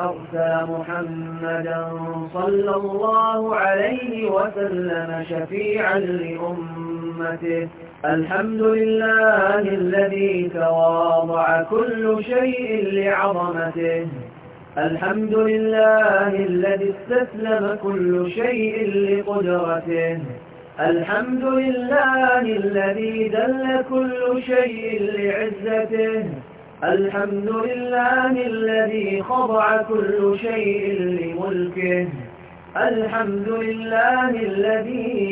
أرسل محمدا صلى الله عليه وسلم شفيعا لأمته الحمد لله الذي تواضع كل شيء لعظمته الحمد لله الذي استسلم كل شيء لقدرته الحمد لله الذي دل كل شيء لعزته الحمد لله الذي خضع كل شيء لملكه الحمد لله الذي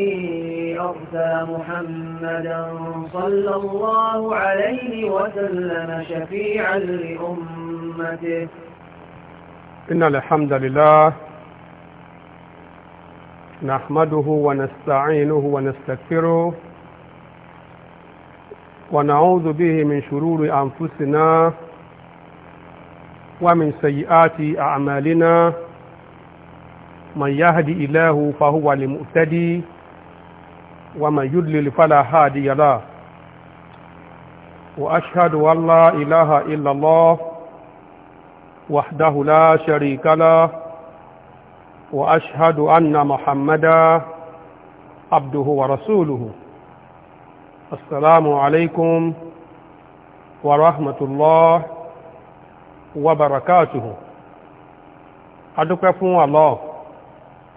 أرسى محمدا صلى الله عليه وسلم شفيعا لأمته إن الحمد لله نحمده ونستعينه ونستغفره ونعوذ به من شرور أنفسنا ومن سيئات أعمالنا من يهدي إله فهو المؤتدي ومن يدلل فلا هادي له وأشهد والله لا إله إلا الله وحده لا شريك له وأشهد أن محمدا عبده ورسوله السلام عليكم ورحمة الله وبركاته adúpẹ́ fún Allah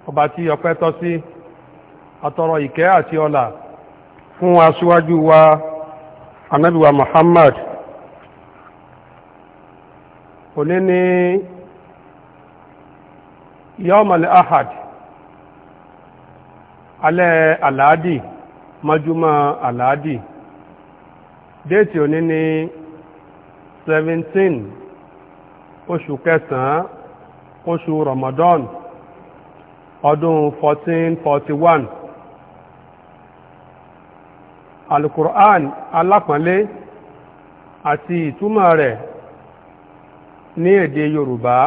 ọba tí ọpẹ́ tọ́ sí àtọrọ ìkẹ́ àti ọlà fún aṣíwájú wa Ànábì wa Muhammad òní ní ahad alẹ́ àlàádìí mọ́júmọ́ àlàádì déètì òní ní 17 oṣù kẹsàn-án oṣù Ramadan ọdún 1441 alukur'an alápọ̀nlé àti ìtumọ̀ rẹ̀ ní èdè Yorùbá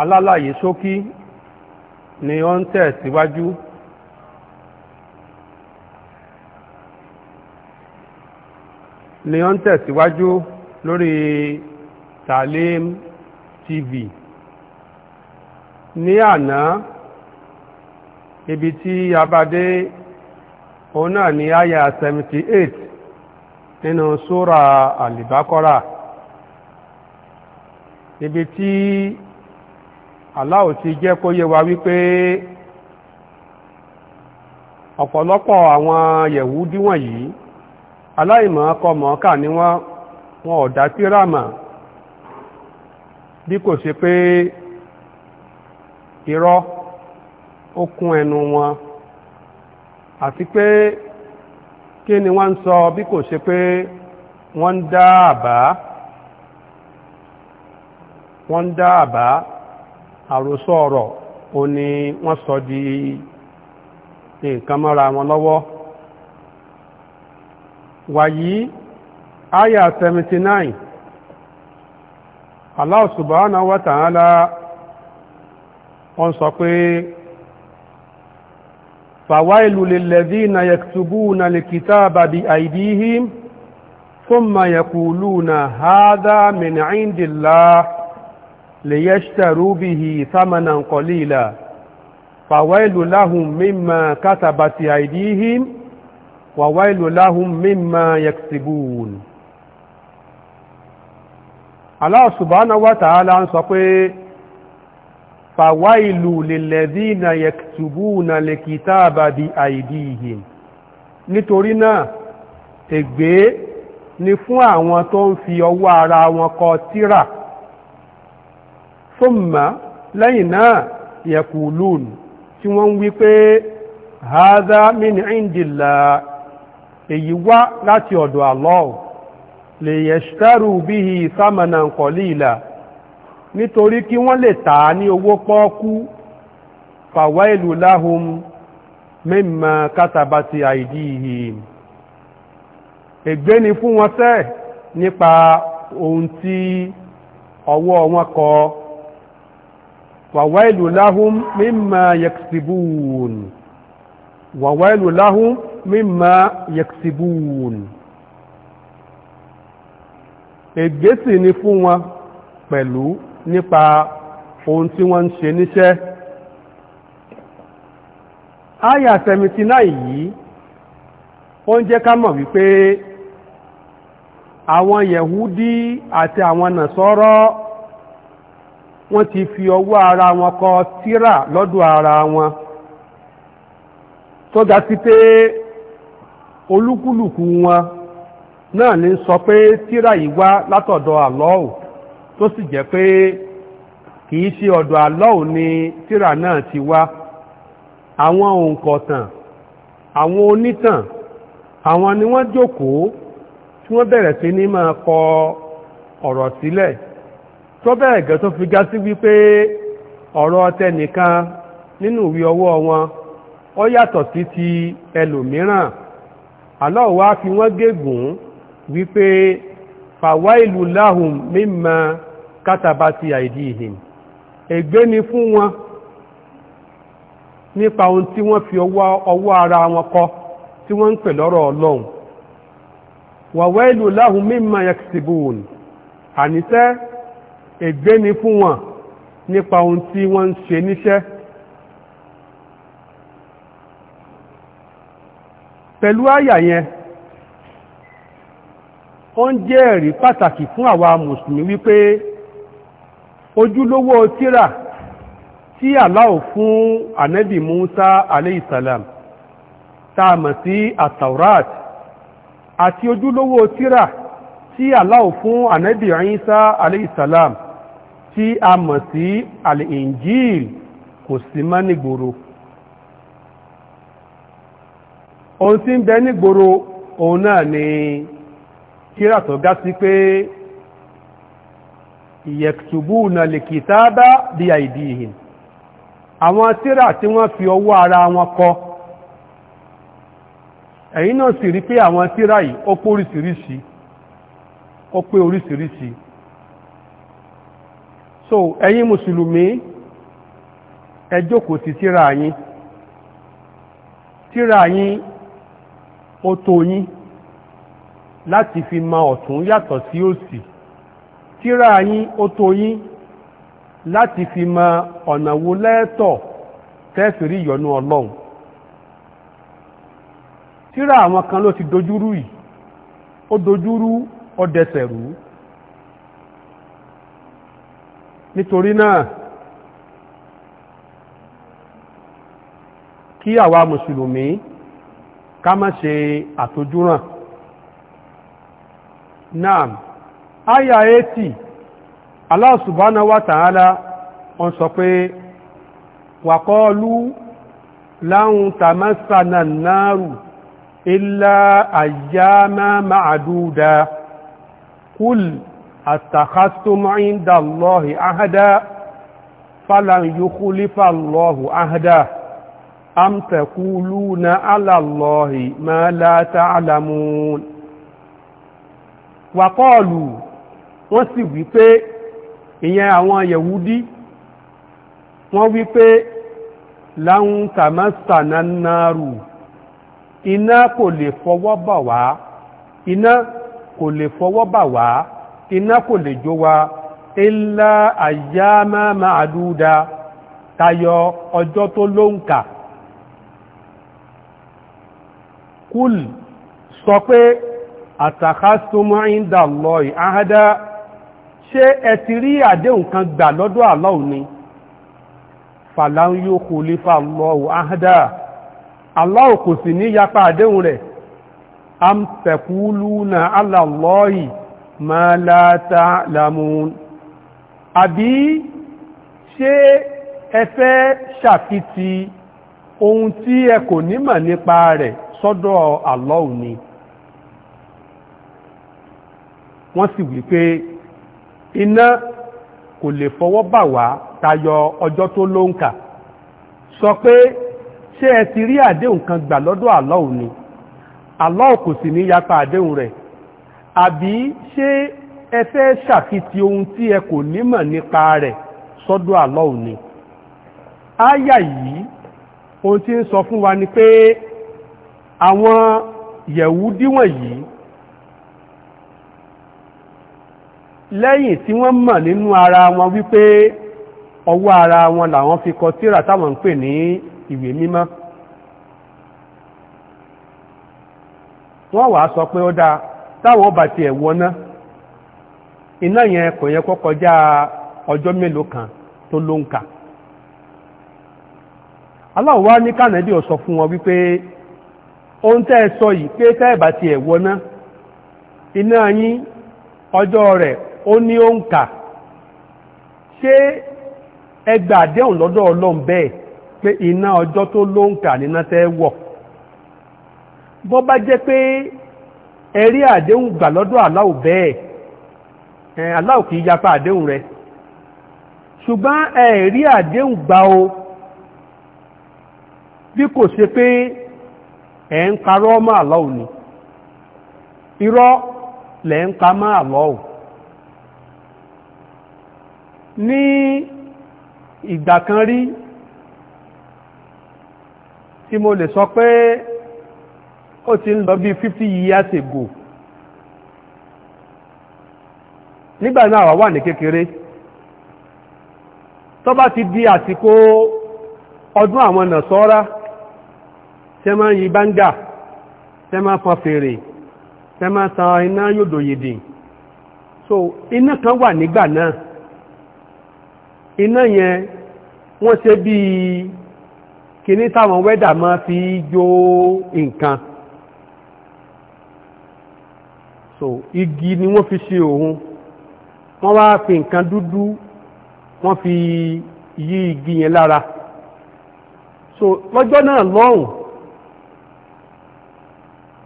alálàyé ṣókí ni ó ń tẹ̀síwájú ni ó ń tẹ̀síwájú lórí Talim TV ní àná ibi tí a bá dé òun náà ni àyà 78 nínú súra Al-Baqarah ibi tí Allah ó ti jẹ́ kó yé wa wípé ọ̀pọ̀lọpọ̀ àwọn yẹ̀wúdí wọ̀nyí aláìmọ̀ọ́kọmọ̀ọ́kà ni wọ́n wọn ò dá tíráàmà bí kò ṣe pé irọ́ ó kún ẹnu wọn àti pé kí ni wọ́n ń sọ bí kò ṣe pé wọ́n ń dá àbá wọ́n ń dá àbá àròsọ ọ̀rọ̀ o ni wọ́n sọ di nǹkan wọn lọ́wọ́ wàyí ọrụ 79 Allah subhanahu wa ta'ala wọ́n sọ pé فويل للذين يكتبون الكتاب ليشتروا به ثمنا قليلا فويل لهم مما كتبت أيديهم وويل لهم مما يكسبون Allah subhanahu wa ta'ala ń sọ pé fàwáìlù lilladhina yaktubuna alkitaba bi aydihim nítorí náà thumma lẹ́yìn náà yaqulun tí wọ́n ń wí pé hadha min indillah èyí wá láti ọ̀dọ̀ Allah lè yẹ̀ṣtẹ́rù bihi thamanan qalila nítorí kí wọ́n lè tà á ní owó pọ́ọ́kú fawailu lahum mimma katabati aidihim ègbé ni fún wọn sẹ́ nípa ohun tí ọwọ́ wọn kọ wàwáìlù láhùn mímà yẹ̀kìsìbùn wàwáìlù láhùn mímà yẹ̀kìsìbùn ègbésì ni fún wọn pẹ̀lú nípa ohun tí wọ́n ń ṣe níṣẹ́ àyà 79 yìí ó ń jẹ́ ká mọ̀ wípé àwọn yẹ̀húdí àti àwọn nàṣọ́rọ́ wọ́n ti fi ọwọ́ ara wọn kọ tírà lọ́dọ̀ ara wọn tó ga sí pé olúkúlùkù wọn náà ní sọ pé tírà yìí wá látọ̀dọ̀ àlọ́ò tó sì jẹ́ pé kìí ṣe ọ̀dọ̀ àlọ́ò ni tírà náà ti wá àwọn òǹkọ̀tàn àwọn onítàn àwọn ni wọ́n jókòó tí wọ́n bẹ̀rẹ̀ sí ní máa kọ ọ̀rọ̀ sílẹ̀ tó bẹ́ẹ̀ gẹ́ tó fi já sí wípé ọ̀rọ̀ tẹnìkan nínú ìwé ọwọ́ wọn ó yàtọ̀ sí ti ẹlòmíràn Allah wá fi wọ́n gégùn wípé fàwáìlú láhùn mímọ kátàbátì àìdíhìn ègbé ni fún wọn nípa ohun tí wọ́n fi ọwọ́ ara wọn kọ tí wọ́n ń pè lọ́rọ̀ ọlọ́run wàwáìlú láhùn mímọ yẹkìtìbùn ègbé ni fún wọn nípa ohun tí wọ́n ń ṣe níṣẹ́ pẹ̀lú àyà yẹn ó ń jẹ́ ẹ̀rí pàtàkì fún àwa mùsùlùmí wípé ojúlówó tírà tí aláò fún ànábì Musa aleyhisalam tá a mọ̀ sí ataurat àti ojúlówó tírà tí aláò fún ànábì Isa aleyhisalam tí a mọ̀ sí al-injil kò sí mọ́ nígboro ohun tí ń bẹ nígboro òun náà ni kíra tó gá sí pé yaktubuna likitaba bi aidihim àwọn tíra tí wọ́n fi ọwọ́ ara wọn kọ ẹ̀yin náà sì rí pé àwọn tíra yìí ó pé oríṣiríṣi ó so ẹ̀yin mùsùlùmí ẹ jókòó ti tíra yín tíra yín ó tó yín láti fi ma ọ̀tún yàtọ̀ sí òsì tíra yín ó tó yín láti fi ma ọ̀nà wo lẹ́ẹ̀tọ̀ tẹ́fìrí yọnú ọlọ́run Tíra àwọn kan ló ti dojúrú yìí ó dojúrú ó nítorí náà kí àwa mùsùlùmí ká má ṣe àtójúràn náà àyà 80 Allah subhanahu wa ta'ala ó sọ pé wàkọ́ọ̀lú láhùn tàmásànà náàrù illa ayyama ma'aduda kúlù اتخذتم عند الله عهدا فلن يخلف الله عهدا أم تقولون على الله ما لا تعلمون وقالوا wọ́n sì wípé ìyẹn àwọn yẹ̀wúdí wọ́n wípé láhùn tàmásànà iná kò lè fọwọ́ wá iná kò lè fọwọ́ wá iná kò lè jó wa ilá àyámá máa dúdá tayọ ọjọ́ tó ló ń kà kúl sọ pé àtàkásùmọ́ ìndà lọ ìhádá ṣé ẹ ti rí àdéhùn kan gbà lọ́dọ̀ Allah ni fàlàun kò lè fà lọ́wọ́ àhádá Allah kò sì ní yapa àdéhùn rẹ̀ am tẹ̀kúlú na alàlọ́yìí ma la ta'lamun àbí ṣé ẹ fẹ́ ṣàfitì ohun tí ẹ kò nímọ̀ nípa rẹ̀ sọ́dọ̀ Allah ni wọ́n sì wípé iná kò lè fọwọ́ bà wá tayọ ọjọ́ tó ló ń kà sọ pé ṣé ti rí àdéhùn kan gbà lọ́dọ̀ Allah ni Allah kò sì ní yapa àdéhùn rẹ̀ àbí ṣé ẹ fẹ́ ṣàfitì ohun tí ẹ kò nímọ̀ nípa rẹ̀ sọ́dọ̀ Allah ni áyà yìí ohun tí ń sọ fún wa ni pé àwọn yẹ̀wúdí wọ̀nyí lẹ́yìn tí wọ́n mọ̀ nínú ara wọn wípé ọwọ́ ara wọn làwọn fi kọ tírà táwọn ń pè ní ìwé mímọ́ wọ́n wàá sọ pé ó dáa táwọn bá tiẹ̀ wọná iná yẹn kò yẹ kó kọjá ọjọ́ mélòó kan tó ló ń kà wá ní ò sọ fún wọn wípé ohun tẹ́ sọ yìí pé tẹ́ ẹ ti tiẹ̀ iná yín ọjọ́ rẹ̀ ó ní ó ń ṣé àdéhùn lọ́dọ̀ bẹ́ẹ̀ pé iná ọjọ́ tó ló ń kà níná wọ̀ ẹ̀rí àdéhùn gbà lọ́dọ̀ aláwò bẹ́ẹ̀ ẹ̀ aláwò kìí yapa àdéhùn rẹ̀ ṣùgbọ́n ẹ̀rí àdéhùn gbà o bí kò ṣe pé ẹ̀ ń parọ́ mọ́ aláwò ni irọ́ lẹ̀ ń pa mọ́ aláwò ní ìgbà kan rí tí mo lè sọ pé ó ti ń lọ bí 50 years ago nígbà náà àwa wà ní kékeré tó bá ti di àsìkò ọdún àwọn nàṣọ́rá tẹ́ máa ń yí báńgà tẹ́ máa fọn fèrè tẹ́ máa tan iná yòdò yìdì so iná kan wà nígbà náà iná yẹn wọ́n se bí kìní táwọn wẹ́dà máa fi jó nǹkan so igi ni wọ́n fi ṣe òun wọ́n wá fi nǹkan dúdú wọ́n fi yí igi yẹn lára so lọ́jọ́ náà lọ́hùn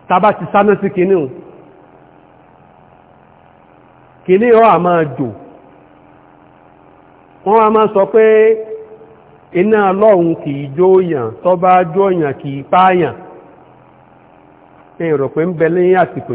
tàbá ti sáná sí kinní hùn kinní ọ́ máa jò wọ́n wá máa sọ pé iná lọ́hùn kìí jó yàn tó bá jó yàn kìí pá pààyàn ẹ̀rọ pé ń bẹ lẹ́yìn àsìkò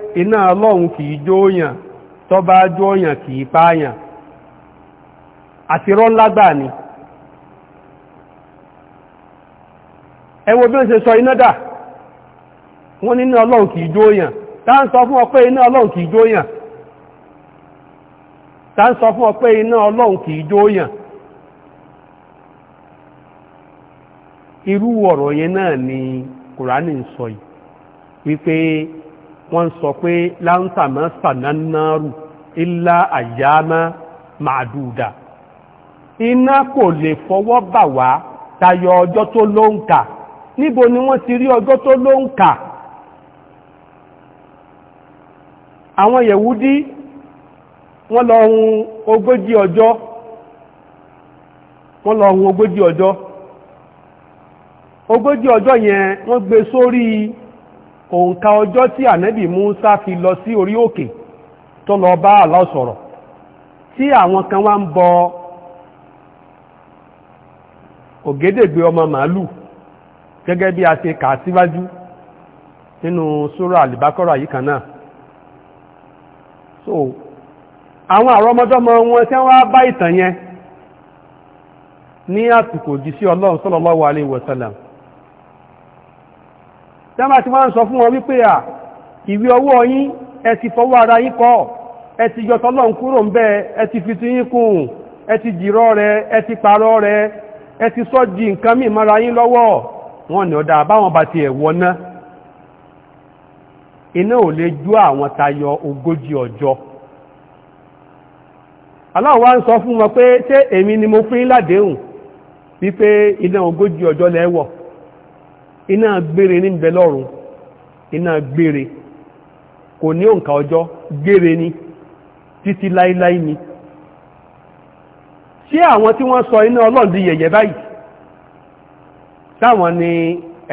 iná ọlọ́run kìí jóòyàn tọ́ bá jóòyàn kìí pààyàn àti rọ́ lágbà ni ẹ wo bí wọ́n ṣe sọ iná dà wọ́n ní iná ọlọ́run kìí jóòyàn tá ń sọ fún ọ pé iná ọlọ́run kìí jóòyàn tá ń sọ fún ọ pé irú ọ̀rọ̀ yẹn náà ni kùránì sọ yìí wípé wọ́n sọ pé láǹtàmọ́ sànánáàrù ilá àyámá màdùdà iná kò lè fọwọ́ bà wá tayọ ọjọ́ tó ló ń kà níbo ni wọ́n ti rí ọjọ́ tó ló ń kà àwọn yẹ̀wúdí wọ́n lọ hun ogójì ọjọ́ wọ́n lọ hun ogójì ọjọ́ ogójì ọjọ́ yẹn wọ́n gbé sórí òǹkà ọjọ́ tí ànábì Musa fi lọ sí orí òkè tó lọ bá ọsọrọ sọ̀rọ̀ tí àwọn kan wá ń bọ ògédègbè ọmọ màálù gẹ́gẹ́ bí a ṣe kà síwájú nínú súrà àlìbákọ́rà yìí kan náà so àwọn àrọmọdọ́mọ wọn tí wọ́n bá ìtàn yẹn ní àsìkò jí sí ọlọ́run tẹ́mà tí wọ́n ń sọ fún wọn wípé à ìwé ọwọ́ yín ẹ ti fọwọ́ ara yín kọ́ ẹ ti yọ tọ́lọ́run kúrò ń bẹ́ẹ̀ ẹ fi ti yín kùn ẹ ti rẹ ẹ ti rẹ ẹ ti nǹkan mí mara yín lọ́wọ́ wọn ni ọ̀dà àbáwọn bá ti ẹ̀ wọná iná ò lè ju àwọn tayọ ogójì ọjọ́ aláwọ̀ wá ń sọ fún wọn pé ṣé èmi ni mo fún yín ládéhùn wípé iná ogójì ọjọ́ lẹ́wọ̀ iná gbére ní bẹ lọ́run iná gbére kò ní òǹkà ọjọ́ gbére ni títí láíláí ni ṣé àwọn tí wọ́n sọ iná ọlọ́run di yẹ̀yẹ́ báyìí táwọn ni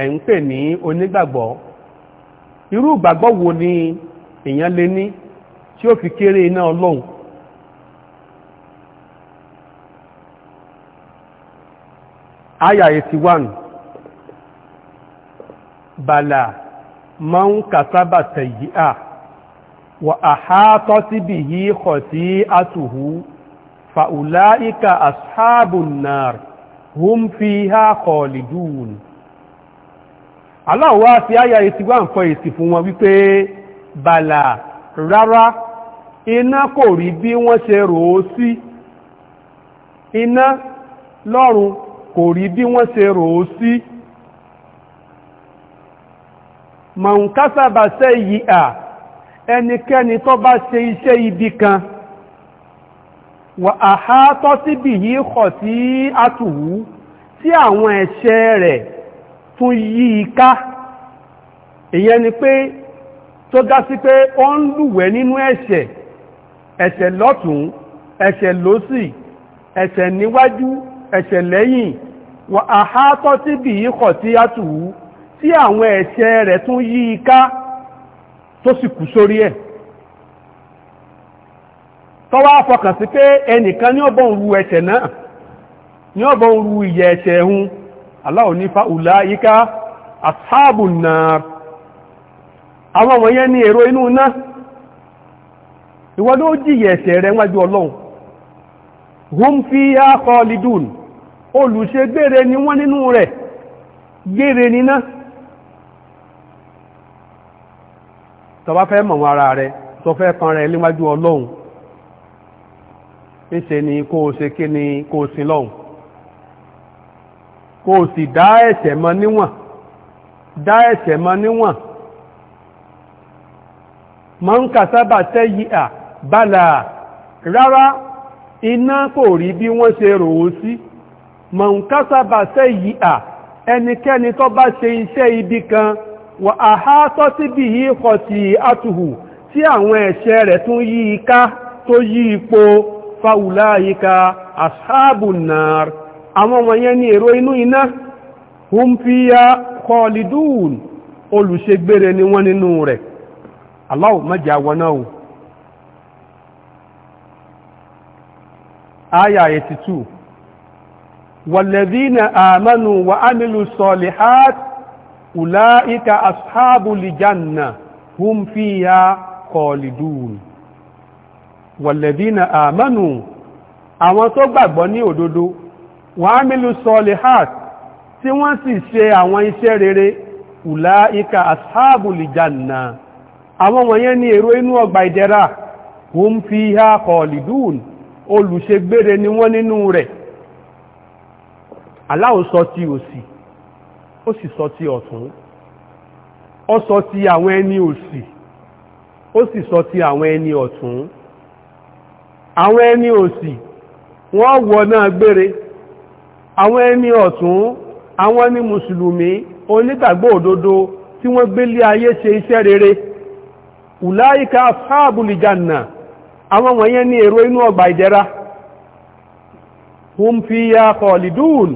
ẹ̀ ń pè ní onígbàgbọ́ irú ìgbàgbọ́ wo ni èèyàn lé ní tí ó fi kéré iná ọlọ́run aya 81 bàlà máa ń kàsábà tẹ̀yí à wà àhátọ́ síbì yìí kọ̀ sí àtùhú fàùlá ìkà ashabun nar hum fiha khalidun aláwọ̀ àti àyà ìtìwà ń fọ èsì fún wọn wípé bàlà rárá iná kò rí bí wọ́n ṣe rò ó sí iná lọ́run kò rí bí wọ́n ṣe si mọ̀nkásàbà sẹ́ yìí à ẹnikẹ́ni tó bá ṣe iṣẹ́ ibi kan wà àhátọ́ síbì yìí kọ̀ sí àtùwú tí àwọn ẹ̀ṣẹ̀ rẹ̀ tún yí i ká ìyẹn ni pé tó dá sí pé ó ń lúwẹ̀ nínú ẹ̀ṣẹ̀ ẹ̀ṣẹ̀ lọ́tún ẹ̀ṣẹ̀ lósì ẹ̀ṣẹ̀ níwájú ẹ̀ṣẹ̀ lẹ́yìn wà àhátọ́ síbì yìí kọ̀ sí àtùwú tí àwọn ẹ̀ṣẹ̀ rẹ̀ tún yí i tó sì kú sórí ẹ̀ tọ́wọ́ afọkàn sí pé ẹnìkan ní ọbọ̀ òru ẹ̀ṣẹ̀ náà ní ọbọ̀ òru ìyẹ̀ ẹ̀ṣẹ̀ ẹ̀hun aláwọ̀ nífa ùlá yíká àtààbù náà níná tọba fẹ́ mọ̀ wọn ara rẹ tó fẹ́ kan rẹ níwájú ọlọ́run níṣe ni kó o ṣe kí ni kó o sin lọ́hùn kó o sì dá ẹ̀ṣẹ̀ mọ níwọ̀n dá ẹ̀ṣẹ̀ mọ níwọ̀n mọ ń kà sábà tẹ́yí à bàlà rárá iná kò rí bí wọ́n ṣe rò ó sí mọ ń kà sábà tẹ́yí à ẹnikẹ́ni tó bá ṣe iṣẹ́ ibi kan wà áhátọ́ sí bí i kọ̀tì àtùhù tí àwọn ẹ̀ṣẹ̀ rẹ̀ tún yí ká tó yí ipò fàúlá yíká ashabunar àwọn wọ̀nyẹn ni èrò inú iná hum fiya khalidun ni wọ́n nínú rẹ̀ o ulaika ashabu lijanna hum fiha khalidun walladhina amanu àwọn tó gbàgbọ́ ní òdodo wa amilu solihat tí wọ́n sì ṣe àwọn iṣẹ́ rere ulaika ashabu lijanna àwọn wọ̀nyẹn ni èrò inú ọgbà ìdẹ̀ra hum fiha khalidun olùṣègbére ni wọ́n nínú rẹ̀ Allah sọ ti òsì ó sì sọ ti ọ̀tún ó sọ ti àwọn ẹni òsì ó sì sọ ti àwọn ẹni ọ̀tún àwọn ẹni òsì wọ́n wọ náà gbére àwọn ẹni ọ̀tún àwọn ni mùsùlùmí onígbàgbọ́ òdodo tí wọ́n gbélé ayé ṣe iṣẹ́ rere ùláìka fáàbùlìjànà àwọn wọ̀nyẹn ní èrò inú ọgbà ìdẹ̀ra hum fi ya khalidun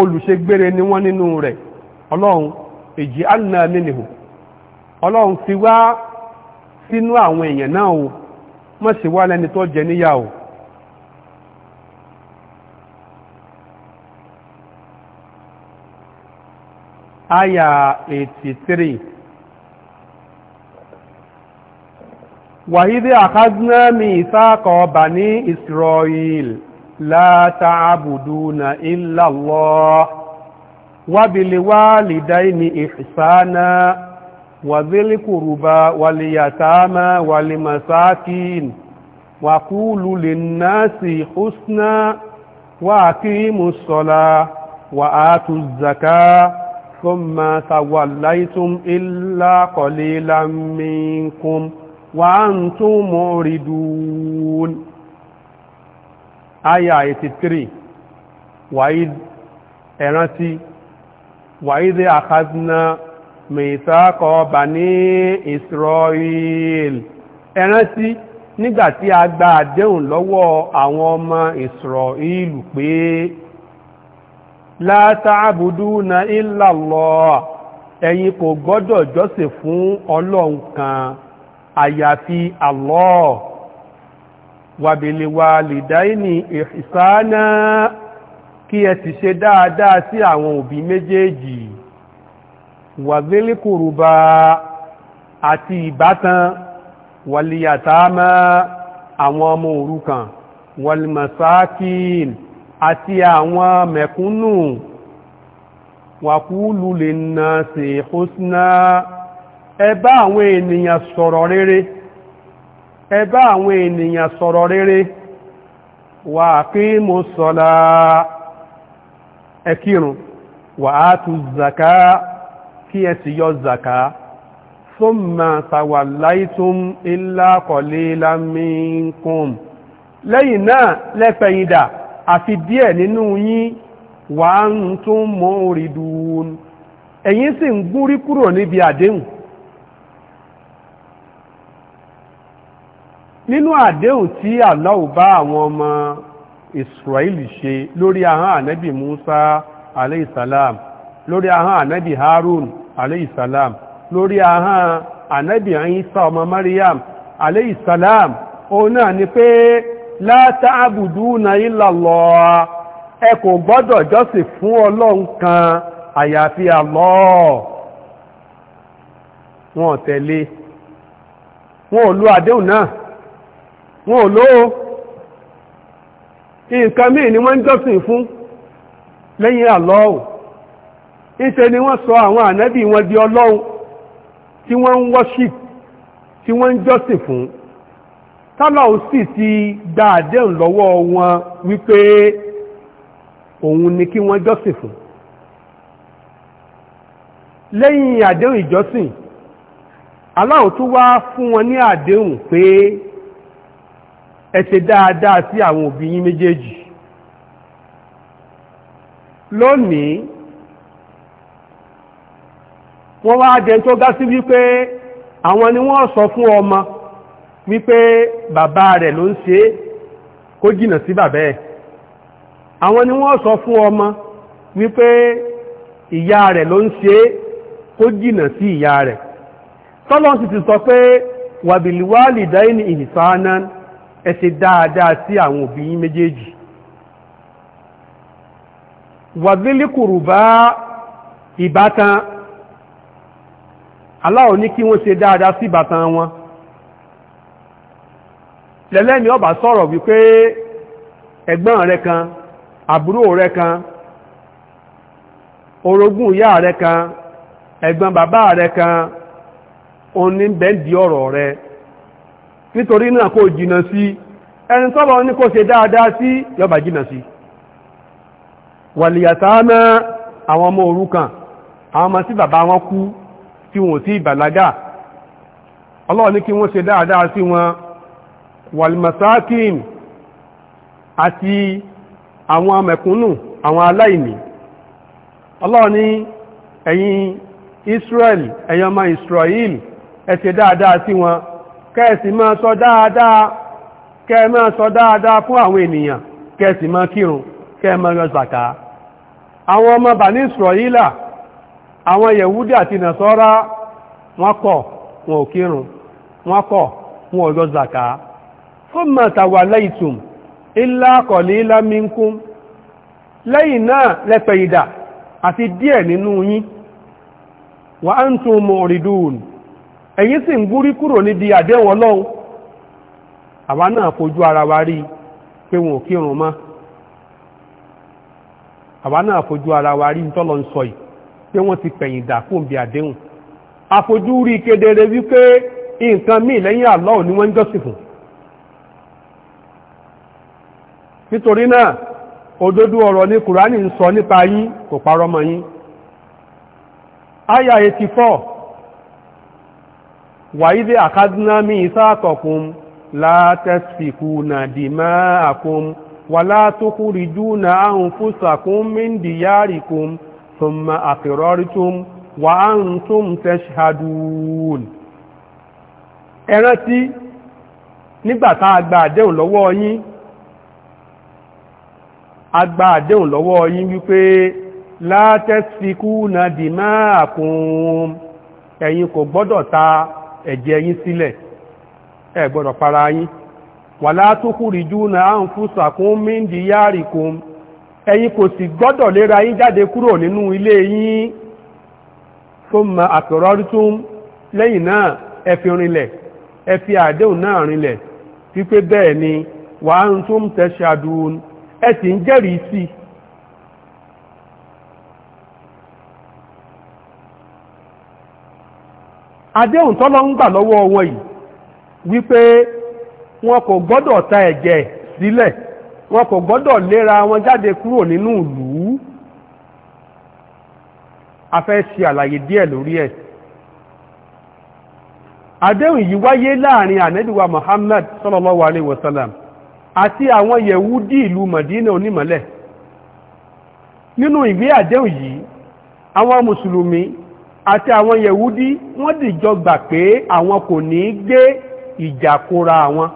olùṣègbére ni wọ́n nínú rẹ̀ ọlọ́run èjì alìnà mínihù ọlọ́run fi wá sínú àwọn èèyàn náà o mọ́ sí wá lẹ́ni tó jẹ níyà o aya 83 wàhídé àkádúná mi ìsáàkọ̀ bà ní Israel látàábùdú na illallah وبالوالدين إحسانا وذي القربى واليتامى والمساكين وقولوا للناس حسنا وأقيموا الصلاة وآتوا الزكاة ثم توليتم إلا قليلا منكم وأنتم معرضون آية 83 وإذ ẹ̀rántí وإذ أخذنا ميثاق بني إسرائيل ẹ rántí nígbà tí a gba àdéhùn lọ́wọ́ àwọn ọmọ Ísírẹ́lì pé la ta'buduna illa Allah ẹ̀yin kò gbọ́dọ̀ jọ́sìn fún Ọlọ́run kan àyàfi Allah wa bil walidaini kí ẹ ti ṣe dáadáa sí àwọn òbí méjèèjì wàdílìkùrùbà àti ìbátan wàlìyàtàmà àwọn ọmọ òrukàn wàlìmọ̀sákìn àti àwọn mẹ̀kúnnù wàkúlù lè nà sí húsná ẹ bá àwọn ènìyàn sọ̀rọ̀ rere ẹ bá àwọn ènìyàn sọ̀rọ̀ rere wà kí mo sọ̀lá ẹ kírun wà á tu zaka kí ẹ sì yọ zaka thumma tawallaytum illa qalilan minkum lẹ́yìn náà lẹ́fẹ̀yìndà àfi díẹ̀ nínú yín wà á ń tún muridun ẹ̀yin sì ń gúrí kúrò níbi àdéhùn nínú àdéhùn tí Allah bá àwọn ọmọ israeli ṣe lórí ahán ànẹ́bì musa aleyhisalam lórí ahán ànẹ́bì harun aleyhisalam lórí ahán ànẹ́bì isa ọmọ maryam aleyhisalam òun náà ni pé látàbùdúnà illallah ẹ kò gbọ́dọ̀ jọ́sìn fún ọlọ́run kan àyàfi Allah wọn tẹ̀lé wọn ò lo àdéhùn náà wọn ò lóo nǹkan míì ni wọ́n ń jọ́sìn fún lẹ́yìn àlọ́hùn ìṣe ni wọ́n sọ àwọn ànábì wọn di ọlọ́hun tí wọ́n ń worship tí wọ́n ń jọ́sìn fún tọ́lọ́hùn sì ti gba àdéhùn lọ́wọ́ wọn wípé òun ni kí wọ́n jọ́sìn fún lẹ́yìn àdéhùn ìjọ́sìn aláwọ̀ tó wá fún wọn ní àdéhùn pé ẹ ṣe dáadáa sí àwọn òbí yín méjèèjì lónìí wọ́n wá dẹn tó gá sí wípé àwọn ni wọ́n sọ fún ọmọ wípé bàbá rẹ̀ ló ń ṣe kó jìnà sí bàbá ẹ̀ àwọn ni wọ́n sọ fún ọmọ wípé ìyá rẹ̀ ló ń ṣe kó jìnà sí ìyá rẹ̀ tọ́lọ́n sì ti sọ pé wàbìlìwálì dáínì ìhìsánáà ẹ ṣe dáadáa sí àwọn òbí yín méjèèjì wàdílìkùrù bá ìbátan aláwọ̀ ní kí wọ́n ṣe dáadáa sí ìbátan wọn lẹ́lẹ́mi ọba sọ́rọ̀ wípé ẹgbọ́n rẹ kan àbúrò rẹ kan orogún ìyá rẹ kan ẹ̀gbọ́n bàbá rẹ kan oníbẹ̀ndì ọ̀rọ̀ rẹ nítorí náà kò jìnà sí ẹni tọ́lọ ní kò ṣe dáadáa sí yọba jìnà sí wàlìyàtà mẹ́ àwọn ọmọ orukan àwọn ọmọ sí bàbá wọn kú tí wọ́n ti bàlágà Ọlọ́run ní kí wọ́n ṣe dáadáa sí wọn wàlìmọ̀sákìn àti àwọn mẹ̀kúnnù àwọn aláìní Ọlọ́run ní ẹ̀yin Israel ẹ̀yin ọmọ Israel ẹ ṣe dáadáa sí wọn kẹ́ẹ̀sì máa sọ dáadáa kẹ́ẹ̀ máa sọ dáadáa fún àwọn ènìyàn kẹ́ẹ̀sì máa kírun kẹ́ẹ̀ máa yọ zàká àwọn ọmọ Bani Israila àwọn Yẹ̀wúdí àti Nàsárà wọ́n kọ̀ wọn ò kírun wọ́n kọ̀ wọn ò yọ zàká thumma tawallaytum illa qalilan minkum lẹ́yìn náà wa antum mu'ridun ẹ̀yin sì ń gúrí kúrò níbi àdéhùn ọlọ́run àwa náà fojú ara wa rí pé wọn ò kírun mọ́ àwa náà fojú ara wa rí tọ́lọ ń sọ yìí pé wọ́n ti pẹ̀yìn dà fún bí àdéhùn àfojú rí kedere wípé nǹkan míì lẹ́yìn ni wọ́n ń fún nítorí náà ni kùránì ń sọ nípa yín kò yín wàídé àkádínámí ìsáàkọ̀kún látẹ́sìkúnà dìmáàkún wà látúkúrìjúnà àrùn fúsàkún míndìyàríkún thumma àfẹ́rọ́rítún wà áhùn tún tẹ́ṣàdùn ẹ rántí nígbàtá agba àdéhùn lọ́wọ́ yín agba àdéhùn lọ́wọ́ yín wípé látẹ́sìkúnà dìmáàkún ẹ̀yin kò gbọ́dọ̀ ta ẹ̀jẹ̀ yín sílẹ̀ ẹ gbọ́dọ̀ para na wàlá tukhrijuna anfusakum min diyarikum ẹ̀yin kò sì gbọ́dọ̀ lera yín jáde kúrò nínú ilé yín thumma aqrartum lẹ́yìn náà ẹ fi rinlẹ̀ ẹ fi àdéhùn náà rinlẹ̀ wípé bẹ́ẹ̀ ni wa antum tashhadun tẹ́ sì ń jẹ́rìí sí adéhùn tọ́lọ́ ń gbà lọ́wọ́ wọn yìí wípé wọn kò gbọ́dọ̀ ta ẹ̀jẹ̀ sílẹ̀ wọn kò gbọ́dọ̀ léra wọn jáde kúrò nínú ìlú a fẹ́ ṣe àlàyé díẹ̀ lórí ẹ̀ àdéhùn yìí wáyé láàrin ànẹ́dìwà mohammed sallallahu alaihi wasallam àti àwọn yẹ̀wúdí ìlú Madina onímọ̀lẹ̀ nínú ìgbé àdéhùn yìí àwọn mùsùlùmí àti àwọn yẹ̀wúdí wọ́n dìjọ gbà pé àwọn kò ní gbé ìjà kóra àwọn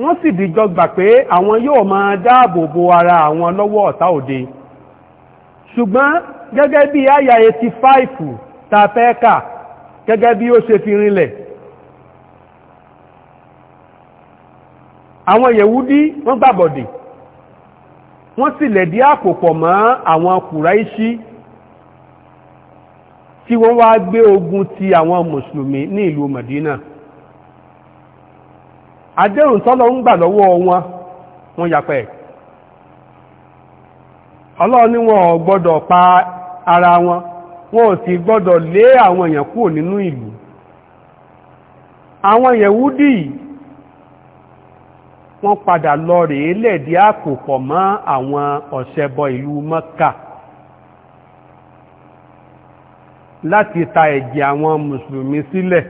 wọ́n sì dìjọ gbà pé àwọn yóò máa dáàbò bo ara àwọn lọ́wọ́ ọ̀tá òde ṣùgbọ́n gẹ́gẹ́ bí àyà 85 ta fẹ́ kà gẹ́gẹ́ bí ó ṣe fi rinlẹ̀ àwọn yẹ̀wúdí wọ́n gbàbọ̀dì wọ́n sì lẹ̀dí àpòpọ̀ mọ́ àwọn kùráìṣí tí wọ́n wá gbé ogun ti àwọn mùsùlùmí ní ìlú Madina àdéhùn tọ́lọ́ ń gbà lọ́wọ́ wọn wọ́n yapa Ọlọ́ọ̀ni wọn ò gbọ́dọ̀ pa ara wọn wọn ò sì gbọ́dọ̀ lé àwọn èèyàn kúrò nínú ìlú àwọn yẹ̀wúdì wọ́n padà lọ rèé lẹ̀dí àpò pọ̀ mọ́ àwọn ọ̀ṣẹbọ ìlú Mọ́kà láti ta ẹ̀jẹ̀ àwọn mùsùlùmí sílẹ̀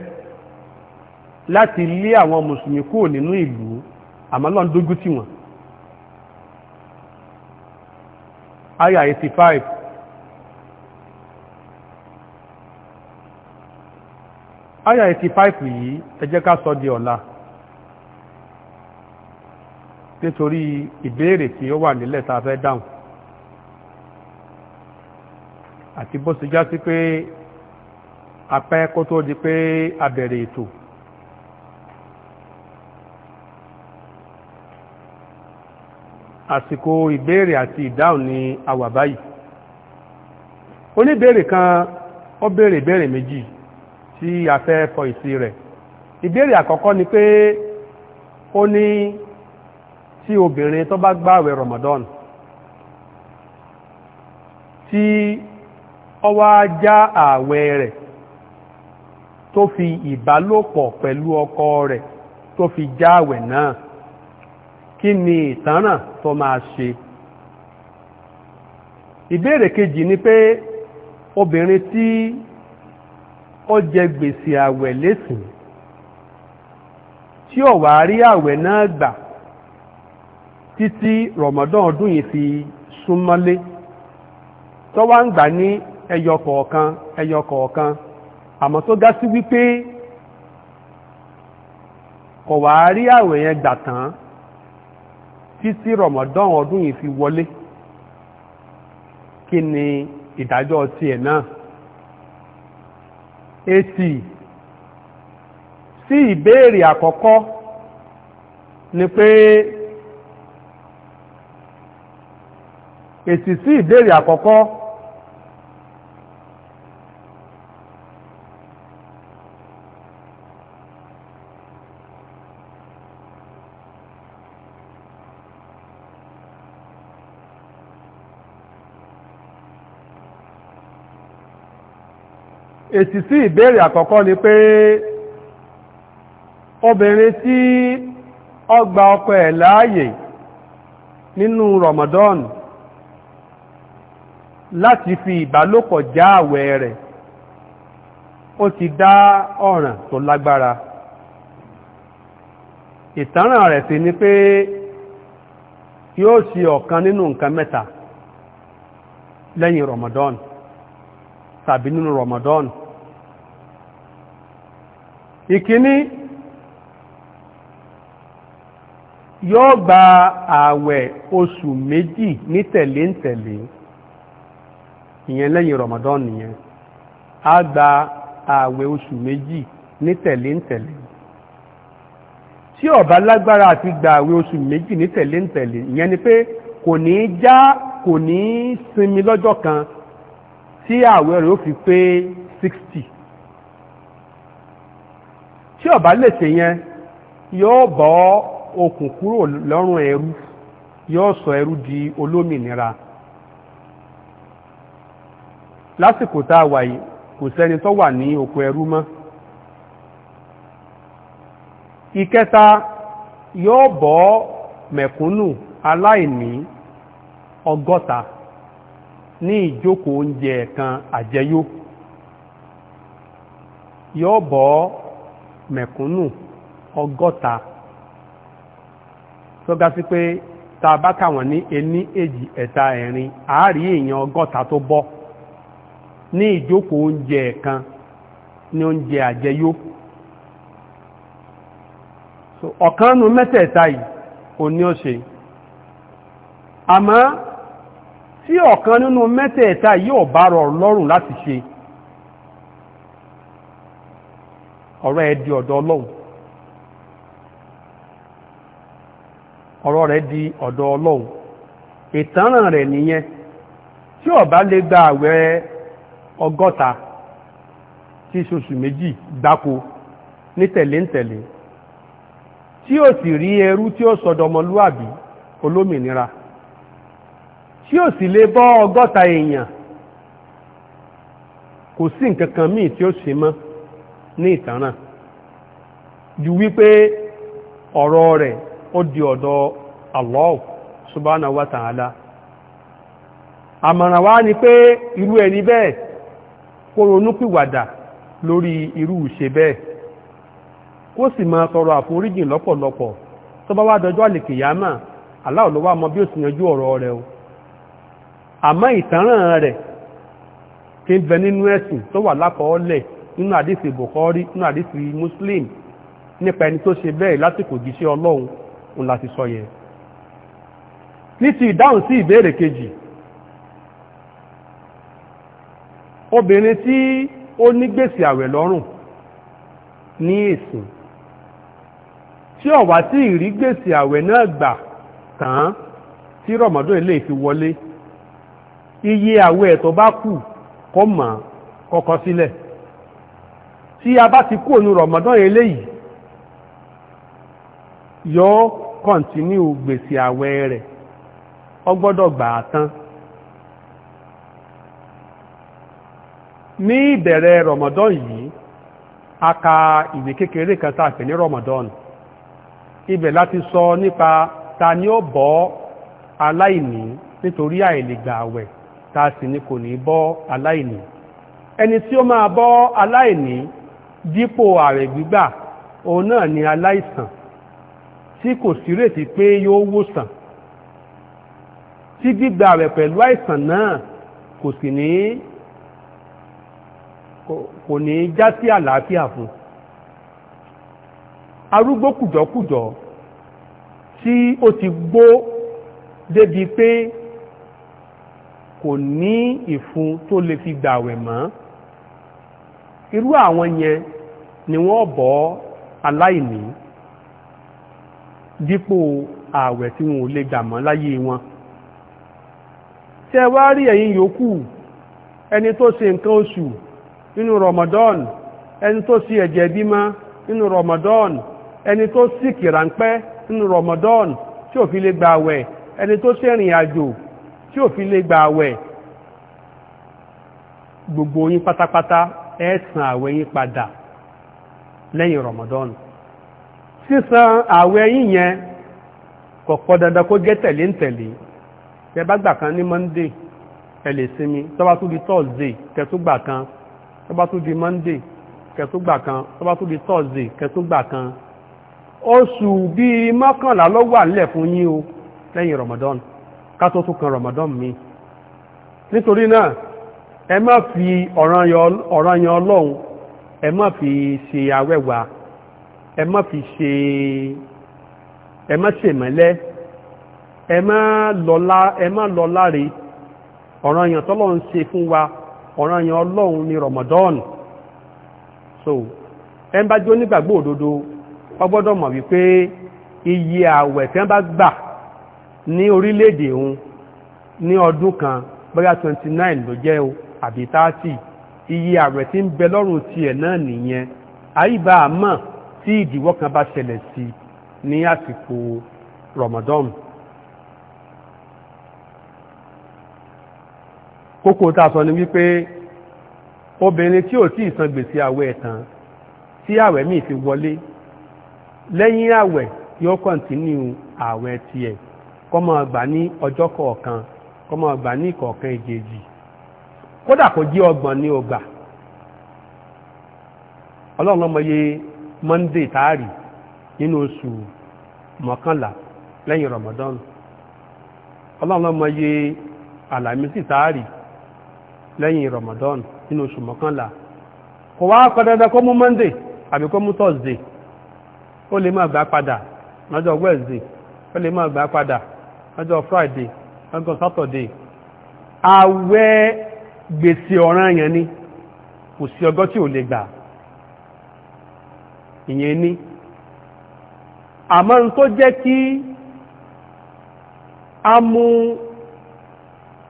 láti lé àwọn mùsùlùmí kúrò nínú ìlú àmọ́ lọ́n dójú tì wọ́n aya 85 aya 85 yìí ẹ jẹ́ ká sọ di ọ̀la nítorí ìbéèrè tí ó wà nílẹ̀ tá a fẹ́ dáhùn àti bó ṣe já sí pé apẹ́ kó tó di pé abẹ̀rẹ̀ ètò àsìkò ìbéèrè àti ìdáhùn ni a wà báyìí oníbéèrè kan ó béèrè ìbéèrè méjì tí a fẹ́ fọ ìsí rẹ̀ ìbéèrè àkọ́kọ́ ni pé ó ní tí obìnrin tó bá gbààwẹ̀ Ramadan tí ó wá já ààwẹ̀ rẹ̀ tó fi ìbálòpọ̀ pẹ̀lú ọkọ rẹ̀ tó fi jáwẹ̀ náà kí ni ìtanràn tó máa ṣe ìbéèrè kejì ni pé obìnrin tí ó jẹ gbèsè àwẹ̀ lẹ́sìn tí ó wà rí àwẹ̀ náà gbà títí rọ̀mọ́dán ọdún yìí fi súnmọ́lé tó wá ń gbà ní ẹyọ kọ̀ọ̀kan àmọ́ tó gá sí wípé kò wá rí àwẹ̀ yẹn gbà títí Ramadan ọdún yìí fi wọlé kí ni ìdájọ́ tiẹ̀ náà etí sí ìbéèrè àkọ́kọ́ ni pé èsì sí ìbéèrè àkọ́kọ́ èsì iberi ìbéèrè àkọ́kọ́ ni pé obìnrin tí ọgbà ọkọ ẹ̀ láàyè nínú Ramadan láti fi ìbálòpọ̀ já àwẹ̀ rẹ̀ ó ti dá ọ̀ràn tó lágbára ìtanràn rẹ̀ sì ni pé yóò ṣe ọ̀kan nínú nǹkan mẹ́ta lẹ́yìn Ramadan tàbí nínú Ramadan ìkíní yóò gba ààwẹ̀ oṣù méjì ní tẹ̀lé ń tẹ̀lé ìyẹn lẹ́yìn Ramadan nìyẹn a gba ààwẹ̀ oṣù méjì ní tẹ̀lé ń tẹ̀lé tí ó bá lágbára àti gba ààwẹ̀ oṣù méjì ní tẹ̀lé ń tẹ̀lé ìyẹn ni pé kò ní já kò ní sinmi lọ́jọ́ kan tí ààwẹ̀ rẹ̀ ó fi pé 60 tí ọba bá lè ṣe yẹn yóò bọ́ okùn kúrò lọ́rùn ẹrú yóò sọ ẹrú di olómìnira lásìkò tá a wà yìí kò sẹ́ni tó wà ní oko ẹrú mọ́ ìkẹta yóò bọ́ mẹ̀kúnnù aláìní ọgọ́ta ní ìjókòó oúnjẹ ẹ̀kan àjẹyó yóò bọ́ mẹ̀kúnnù ọgọ́ta tó ga sí pé ta a bá kà ní ení èjì ẹ̀ta ẹ̀rin àárí èèyàn ọgọ́ta tó bọ́ ní ìjókòó oúnjẹ ẹ̀kan ní oúnjẹ àjẹyó ọ̀kan nu mẹ́tẹ̀ẹ̀ta yìí ò ní ó àmọ́ tí ọ̀kan nínú mẹ́tẹ̀ẹ̀ta yìí ò bá rọrùn lọ́rùn láti ṣe ọ̀rọ̀ ẹ di ọ̀dọ̀ ọlọ́run ọ̀rọ̀ rẹ di ọ̀dọ̀ ọlọ́run ìtanràn rẹ̀ nìyẹn tí ó bá lè gba àwẹ̀ ọgọ́ta tí oṣù méjì gbáko ní tẹ̀léǹtẹ̀lé tí ó sì rí ẹrú tí ó sọdọmọlúàbí olómìnira tí ó sì lè bọ́ ọgọ́ta èèyàn kò sí nǹkan kan míì tí ó ṣe mọ́ ní ìtànà ju wípé ọ̀rọ̀ rẹ̀ ó di ọ̀dọ̀ Allah subhanahu wa ta'ala àmọ̀ràn wá ni pé irú ẹni bẹ́ẹ̀ kó ronúpìwàdà lórí irú ìṣe bẹ́ẹ̀ kó sì máa tọrọ àforíjìn lọ́pọ̀lọpọ̀ tó bá wá dọjọ́ àlèkèyàmà Allah ló bí ó ọ̀rọ̀ rẹ̀ o ama ìtanràn rẹ̀ tí ń bẹ nínú ẹ̀sìn tó wà nínú àdìsí Bukhari nínú àdìsí Muslim nípa ẹni tó ṣe bẹ́ẹ̀ lásìkò jíṣẹ́ Ọlọ́run òun láti sọ yẹn ní ti ìdáhùn sí ìbéèrè kejì obìnrin tí ó ní gbèsè àwẹ̀ lọ́rùn ní ìsìn tí ó wá tí ìrí gbèsè àwẹ̀ náà gbà tán tí rọ̀mọ́dún ilé ìfi wọlé iye àwẹ̀ tó bá kù kó mọ̀ kọ́kọ́ sílẹ̀ si tí a bá ti kú ònú rọ̀mọ́dán eléyìí yọ kọ̀ǹtínú gbèsè àwẹ̀ rẹ̀ ó gbà á tán ní ìbẹ̀rẹ̀ yìí a ka kan tá a ní ibẹ̀ láti sọ nípa ta ni ó bọ́ aláìní nítorí àìlègbà àwẹ̀ ta sì ni kò ní bọ́ aláìní ẹni tí ó dípò ààrẹ gbígbà òun náà ni aláìsàn tí kò sírètí pé yóò wòsàn tí gbígbà rẹ̀ pẹ̀lú àìsàn náà kò sì ní kò ní já sí àlàáfíà fún arúgbó kùjọkùjọ tí ó ti gbó débi pé kò ní ìfun tó lè fi gbàwẹ̀ mọ́ irú àwọn yẹn ni wọ́n bọ́ aláìní dípò ààwẹ̀ tí wọn ò lè gbà mọ́ láyé wọn tẹ wá rí ẹ̀yin yòókù ẹni tó ṣe nǹkan oṣù nínú Ramadan ẹni tó si ẹ̀jẹ̀ bímọ nínú Ramadan ẹni tó síkì ráńpẹ́ nínú Ramadan tí ò fi gba àwẹ̀ ẹni tó àjò tí ò fi gba àwẹ̀ gbogbo yín pátápátá ẹ san àwẹ̀ yín padà lẹ́yìn rọmọdọ́nù sísan àwẹ̀ yín yẹn kò pọ̀ dandan kó jẹ́ tẹ̀lé ń tẹ̀lé tẹ bá gbà kan ní monday ẹ lè sinmi tó bá tún di thursday kẹtùgbà kan tó bá tún di monday kẹtùgbà kan tó tún di thursday kẹtùgbà kan oṣù bíi mọ́kànlá ló wà nílẹ̀ fún yín o lẹ́yìn rọmọdọ́nù ká tó tún kan rọmọdọ́nù mi nítorí náà ẹ má fi ọ̀ranyàn ọlọ́run ẹ má fi ṣe awẹ́wà ẹ má fi ṣe ẹ má ṣe mẹ́lẹ́ ẹ má lọ́lá ẹ má lọ́lá rè ọ̀ranyàn tọ́lọ́run ṣe fún wa ọ̀ranyàn ọlọ́run ni Ramadan so ẹ bá jó nígbàgbọ́ òdodo wọ́n gbọ́dọ̀ mọ̀ wípé iye àwẹ̀ tí wọ́n bá gbà ní orílẹ̀-èdè òun ní ọdún kan bóyá 29 ló jẹ́ o àbí táàtì iye ààwẹ̀ tí ń bẹ lọ́rùn tiẹ̀ náà nìyẹn àyíbá àmọ́ tí ìdíwọ́ kan bá ṣẹlẹ̀ sí ní àsìkò Ramadan kókó tá a sọ ni wípé obìnrin tí ò tí ì san gbèsè ààwẹ̀ tán tí ààwẹ̀ míì fi wọlé lẹ́yìn ààwẹ̀ yóò kọ̀ǹtínú ààwẹ̀ tiẹ̀ kó máa gbà ní ọjọ́ kọ̀ọ̀kan kó ní ìkọ̀ọ̀kan ìjèjì kódà kò jí ọgbọ̀n ní ọgbà ọlọ́run ọmọye monday taari nínú oṣù mọ́kànlá lẹ́yìn ramadan ọlọ́run ọmọye alamisi taari lẹ́yìn ramadan nínú oṣù mọ́kànlá kò wá kọ́dọ́dọ́ kó mú monday àbí kó mú thursday ó lè gbà padà lọ́jọ́ wednesday ó gbèsè ọ̀ràn yẹn ni kò sí ọgọ́ tí ò lè gbà ìyẹn ni àmọ́ tó jẹ́ kí a mú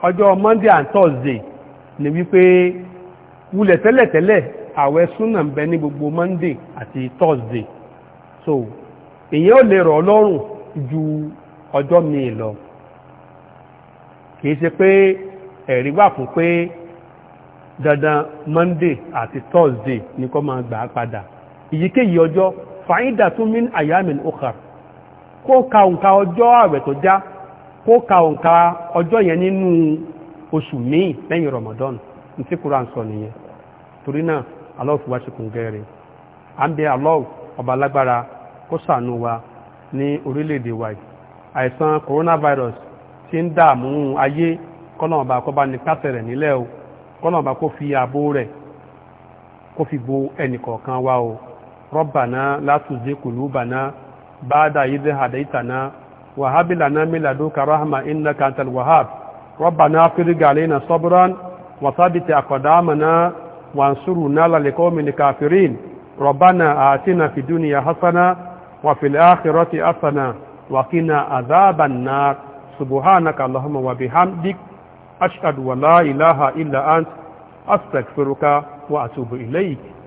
ọjọ́ Monday and Thursday ni wípé wulẹ̀ tẹ́lẹ̀tẹ́lẹ̀ àwẹ̀ súnà ń bẹ ní gbogbo Monday àti Thursday so ìyẹn ò lè rọ̀ lọ́rùn ju ọjọ́ míì lọ kìí ṣe pé ẹ̀rí wà fún pé dandan monday àti thursday ní kọ́ máa gbà á padà ìyíkéyìí ọjọ́ fàáyídà tún mí kó ka òǹkà ọjọ́ tó kó ka òǹkà ọjọ́ yẹn nínú oṣù míì lẹ́yìn ramadan ní tí kúrò à sọ nìyẹn torí náà Allah fi wá sí kùngẹ́rẹ́ à ń bẹ Allah ọba alágbára kó ti ń dààmú ayé ní o kọ́nà bá kó fi ààbò rẹ̀ kó fi bo ẹnìkọ̀ọ̀kan wa o rọ́bàná látùzé kùlúbàná báadà yídé àdáìtàná wàhábìlàná mílàdókà rahma iná kantal wahab rọ́bàná fírígàlẹ́ na sọ́bùrán wàsábìtì àkọ̀dámàná wàǹsúrù náà lálẹ́kọ́ mìnìkà fìrín rọ̀bánà àtínà fìdúnìyà hasana وفي الآخرة أثنا وقنا عذاب سبحانك اللهم وبحمدك أشهد ولا إله إلا أنت أستغفرك وأتوب إليك